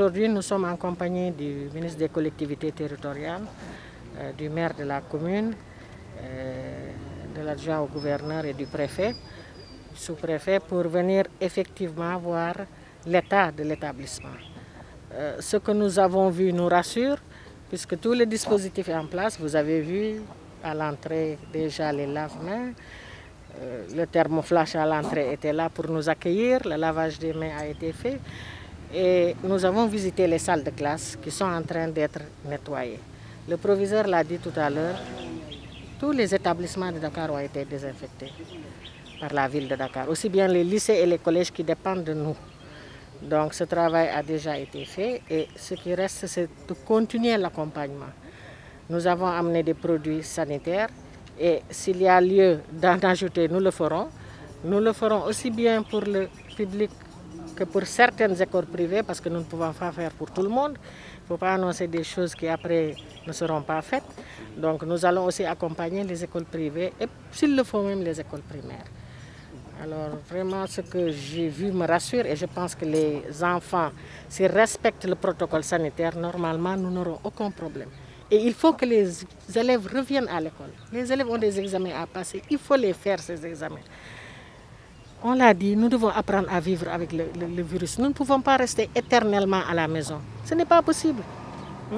Aujourd'hui, nous sommes en compagnie du ministre des collectivités territoriales, euh, du maire de la commune, euh, de l'adjoint au gouverneur et du préfet, sous-préfet, pour venir effectivement voir l'état de l'établissement. Euh, ce que nous avons vu nous rassure, puisque tous les dispositifs en place, vous avez vu à l'entrée déjà les lave le thermoflash à l'entrée était là pour nous accueillir, le lavage des mains a été fait et nous avons visité les salles de classe qui sont en train d'être nettoyées. Le proviseur l'a dit tout à l'heure, tous les établissements de Dakar ont été désinfectés par la ville de Dakar, aussi bien les lycées et les collèges qui dépendent de nous. Donc ce travail a déjà été fait et ce qui reste, c'est de continuer l'accompagnement. Nous avons amené des produits sanitaires et s'il y a lieu d'en ajouter, nous le ferons. Nous le ferons aussi bien pour le public que pour certaines écoles privées, parce que nous ne pouvons pas faire pour tout le monde. Il ne faut pas annoncer des choses qui après ne seront pas faites. Donc nous allons aussi accompagner les écoles privées et s'il le faut même les écoles primaires. Alors vraiment ce que j'ai vu me rassure et je pense que les enfants, s'ils respectent le protocole sanitaire, normalement nous n'aurons aucun problème. Et il faut que les élèves reviennent à l'école. Les élèves ont des examens à passer, il faut les faire ces examens. On l'a dit, nous devons apprendre à vivre avec le, virus. Nous ne pouvons pas rester éternellement à la maison. Ce n'est pas possible.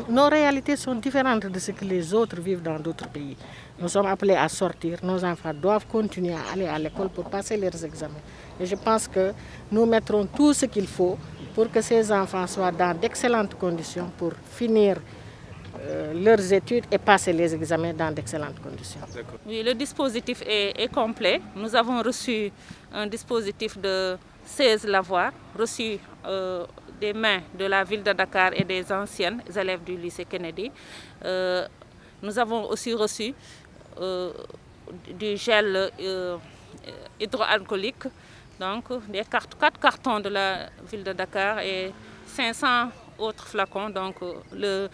Nos réalités sont différentes de ce que les autres vivent dans d'autres pays. Nous sommes appelés à sortir. Nos enfants doivent continuer à aller à l'école pour passer leurs examens. Et je pense que nous mettrons tout ce qu'il faut pour que ces enfants soient dans d'excellentes conditions pour finir euh, leurs études et passer les examens dans d'excellentes conditions. Oui, le dispositif est, complet. Nous avons reçu un dispositif de 16 lavoirs, reçu euh, des mains de la ville de Dakar et des anciennes élèves du lycée Kennedy. Euh, nous avons aussi reçu du gel hydroalcoolique, donc des 4 cartons de la ville de Dakar et 500 autres flacons. Donc, euh, le,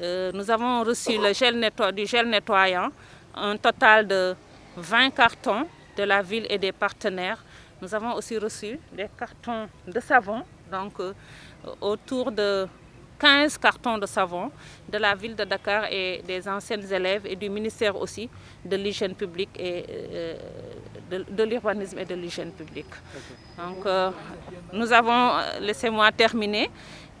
euh, nous avons reçu le gel du gel nettoyant, un total de 20 cartons de la ville et des partenaires. Nous avons aussi reçu des cartons de savon, donc euh, autour de 15 cartons de savon de la ville de Dakar et des anciennes élèves et du ministère aussi de l'hygiène publique et de, l'urbanisme et de l'hygiène publique. Donc nous avons, laissez-moi terminer,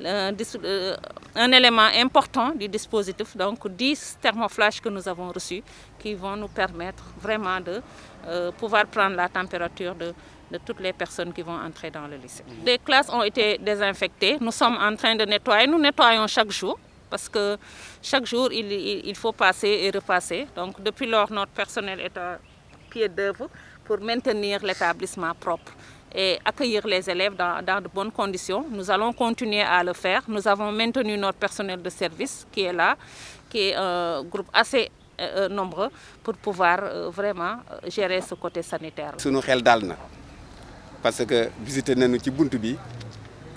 euh, un élément important du dispositif, donc 10 thermoflages que nous avons reçus qui vont nous permettre vraiment de euh, pouvoir prendre la température de, toutes les personnes qui vont entrer dans le lycée. Les mmh. classes ont été désinfectées, nous sommes en train de nettoyer, nous nettoyons chaque jour parce que chaque jour il, il faut passer et repasser. Donc depuis lors notre personnel est à pied d'œuvre pour maintenir l'établissement propre et accueillir les élèves dans, de bonnes conditions. Nous allons continuer à le faire. Nous avons maintenu notre personnel de service qui est là, qui est un groupe assez euh, euh, nombreux pour pouvoir euh, vraiment gérer ce côté sanitaire. Nous d'Alna, parce que visiter nañu ci buntu bi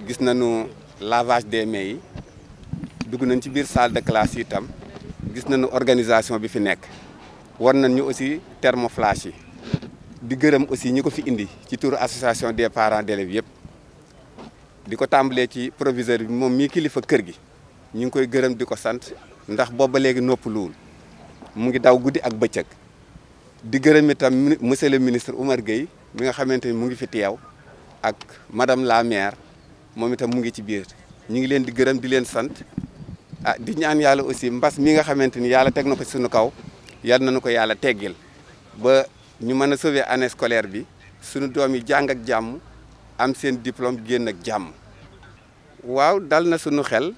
gis lavage des mains nous avons une salle de classe nous itam gis nañu organisation bi fi Nous aussi thermoflash di gërëm aussi ñi ko fi indi ci turu association des parents d'élèves yëpp di ko tàmbalee ci proviseur bi moom mii kilifa kër gi ñu ngi koy gërëm di ko sant ndax booba léegi noppaluwul mu ngi daw guddi ak bëccëg di gërëm itam monsieur le ministre Oumar Gueye mi nga xamante ni mu ngi fi teew ak madame la maire moom itam mu ngi ci biir ñu ngi leen di gërëm di leen sant ah di ñaan yàlla aussi mbas mi nga xamante ni yàlla teg na ko ci suñu kaw yal na nu ko yàlla teggil ñu mën a sauver année scolaire bi suñu doom yi jàng ak jàmm am seen diplôme génn ak jàmm waaw dal na suñu xel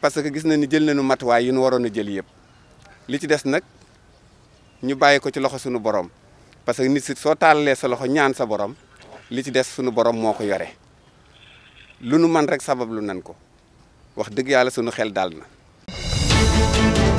parce que gis na ni jël nañu matuwaay yu ñu waroon a jël yëpp li ci des nag ñu bàyyi ko ci loxo sunu borom parce que nit soo tàllalee sa loxo ñaan sa borom li ci des suñu borom moo ko yore lu nu man rek sabab lu nan ko wax dëgg yàlla suñu xel dal na